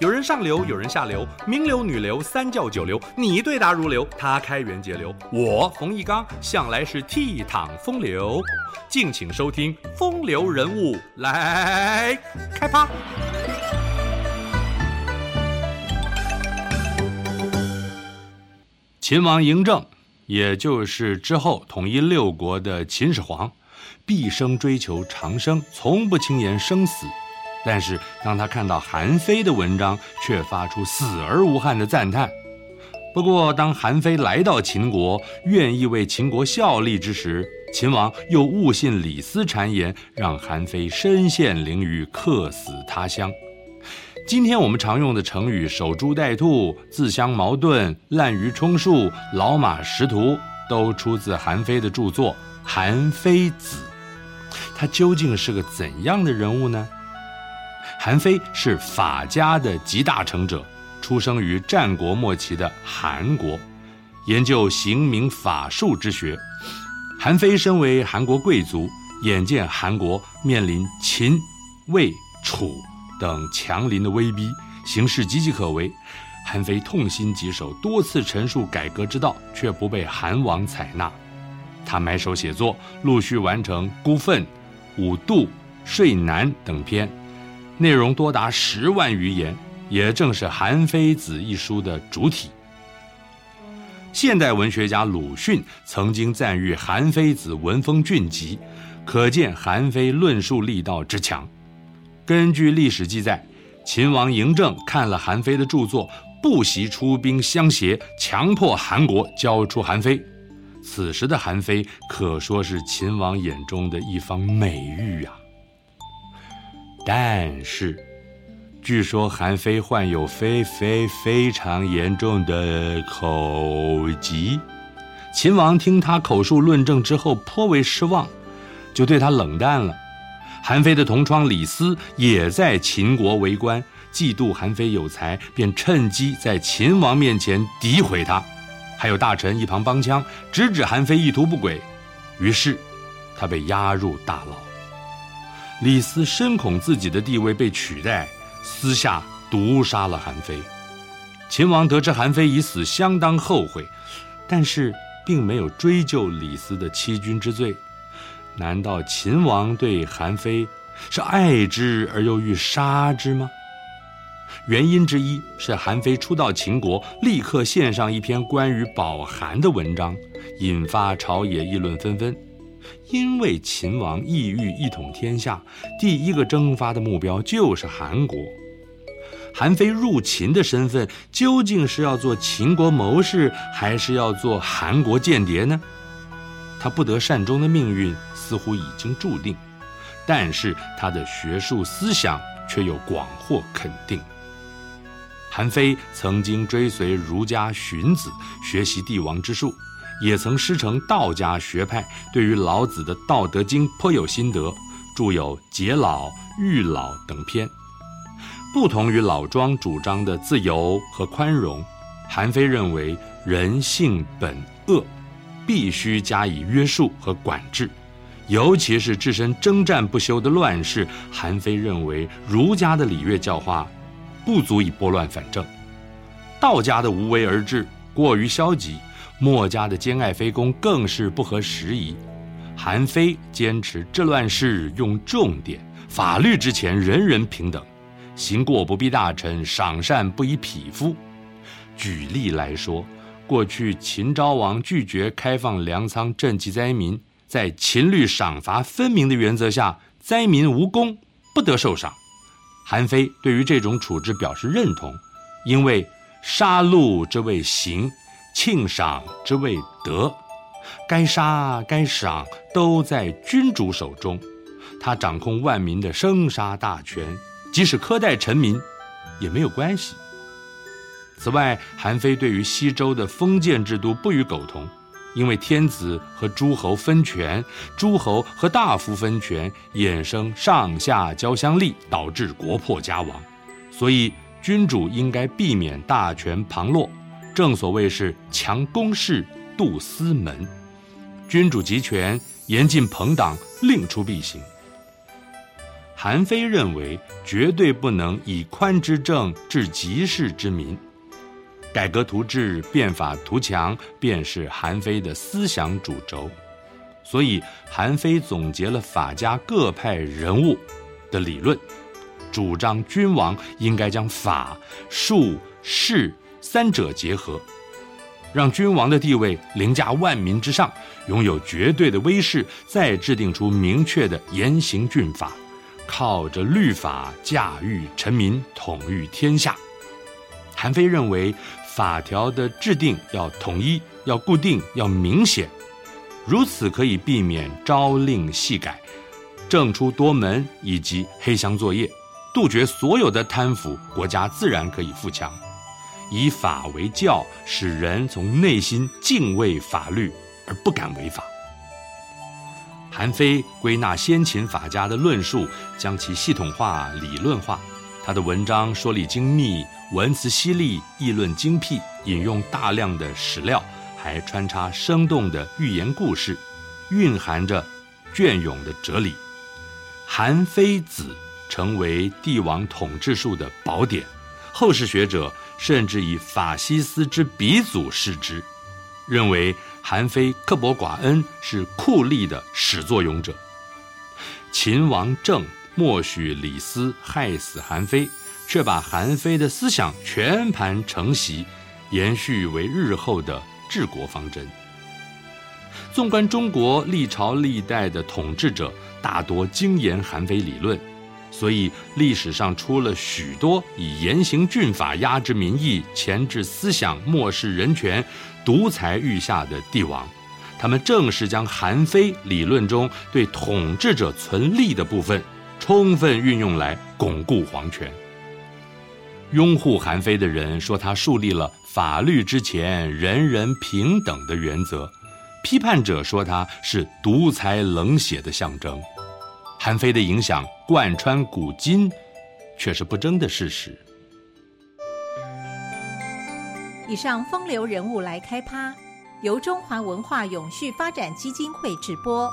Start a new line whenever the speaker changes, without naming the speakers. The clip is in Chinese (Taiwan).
有人上流，有人下流，名流、女流、三教九流，你對答如流，他開源節流，我馮翊綱向來是倜儻風流。敬請收聽《風流人物》來，來開趴。秦王嬴政，也就是之後統一六國的秦始皇，畢生追求長生，從不輕言生死。但是，當他看到韓非的文章，卻發出死而無憾的讚嘆。不過，當韓非來到秦國，願意為秦國效力之時，秦王又誤信李斯讒言，讓韓非身陷囹圄，客死他鄉。今天我們常用的成語“守株待兔”“自相矛盾”“濫竽充數”“老馬識途”，都出自韓非的著作《韓非子》。他究竟是個怎樣的人物呢？韓非是法家的集大成者，出生於戰國末期的韓國，研究刑名法術之學。韓非身為韓國貴族，眼見韓國面臨秦、魏、楚等強鄰的威逼，形勢岌岌可危，韓非痛心疾首，多次陳述改革之道，卻不被韓王採納。他埋首寫作，陸續完成孤《孤憤》《五蠹、說難》等篇。內容多達十萬餘言，也正是《韓非子》一書的主體。現代文學家魯迅曾經讚譽韓非子文風峻急，可見韓非論述力道之強。根據歷史記載，秦王嬴政看了韓非的著作，不惜出兵相脅，強迫韓國交出韓非。此時的韓非，可說是秦王眼中的一方美玉啊。但是，據說韓非患有非非非常嚴重的口疾。秦王聽他口述論證之後，頗為失望，就對他冷淡了。韓非的同窗李斯也在秦國為官，嫉妒韓非有才，便趁機在秦王面前詆毀他，還有大臣一旁幫腔，直指韓非意圖不軌，於是他被押入大牢。李斯深恐自己的地位被取代，私下毒殺了韓非。秦王得知韓非已死，相當後悔，但是並沒有追究李斯的欺君之罪。難道秦王對韓非是愛之而又欲殺之嗎？原因之一是韓非初到秦國，立刻獻上一篇關於保韓的文章，引發朝野議論紛紛。因為秦王意欲一統天下，第一個征伐的目標就是韓國。韓非入秦的身份究竟是要做秦國謀士，還是要做韓國間諜呢？他不得善終的命運似乎已經注定，但是他的學術思想卻又廣獲肯定。韓非曾經追隨儒家荀子學習帝王之術。也曾師承道家學派，對於老子的《道德經》頗有心得，著有《解老》《喻老》等篇。不同於老莊主張的自由和寬容，韓非認為人性本惡，必須加以約束和管制。尤其是置身征戰不休的亂世，韓非認為儒家的禮樂教化不足以撥亂反正，道家的無為而治，過於消極，墨家的兼愛非攻更是不合時宜。韓非堅持治亂世用重典，法律之前人人平等，行過不必大臣，賞善不以匹夫。舉例來說，過去秦昭王拒絕開放糧倉賑濟災民，在秦律賞罰分明的原則下，災民無功不得受賞。韓非對於這種處置表示認同，因為。殺戮之謂刑，慶賞之謂德，該殺該賞都在君主手中，他掌控萬民的生殺大權，即使苛待臣民也沒有關係。此外，韓非對於西周的封建制度不予苟同，因為天子和諸侯分權，諸侯和大夫分權，衍生上下交相利，導致國破家亡，所以。君主應該避免大權旁落，正所謂是強公室，杜私門。君主集權，嚴禁朋黨，令出必行。韓非認為，絕對不能以寬之政治急世之民。改革圖治，變法圖強，便是韓非的思想主軸。所以，韓非總結了法家各派人物的理論。主張君王應該將法、術、勢三者結合，讓君王的地位凌駕萬民之上，擁有絕對的威勢，再制定出明確的嚴刑峻法，靠着律法駕馭臣民，統御天下。韓非認為，法條的制定要統一、要固定、要明顯，如此可以避免朝令夕改、政出多門以及黑箱作業。杜絕所有的貪腐，國家自然可以富強。以法為教，使人從內心敬畏法律，而不敢違法。韓非歸納先秦法家的論述，將其系統化、理論化。他的文章說理精密，文辭犀利，議論精闢，引用大量的史料，還穿插生動的寓言故事，蘊含着雋永的哲理。《韓非子》。成為帝王統治術的寶典，後世學者甚至以法西斯之鼻祖視之，認為韓非刻薄寡恩是酷吏的始作俑者。秦王政默許李斯害死韓非，卻把韓非的思想全盤承襲，延續為日後的治國方針。縱觀中國歷朝歷代的統治者，大多精研韓非理論。所以歷史上出了許多以嚴刑峻法，壓制民意，鉗制思想，漠視人權，獨裁御下的帝王，他們正是將韓非理論中對統治者存利的部分充分運用來鞏固皇權。擁護韓非的人說他樹立了法律之前人人平等的原則，批判者說他是獨裁冷血的象徵。韓非的影響貫穿古今，卻是不爭的事實。以上風流人物來開趴，由中華文化永續發展基金會直播。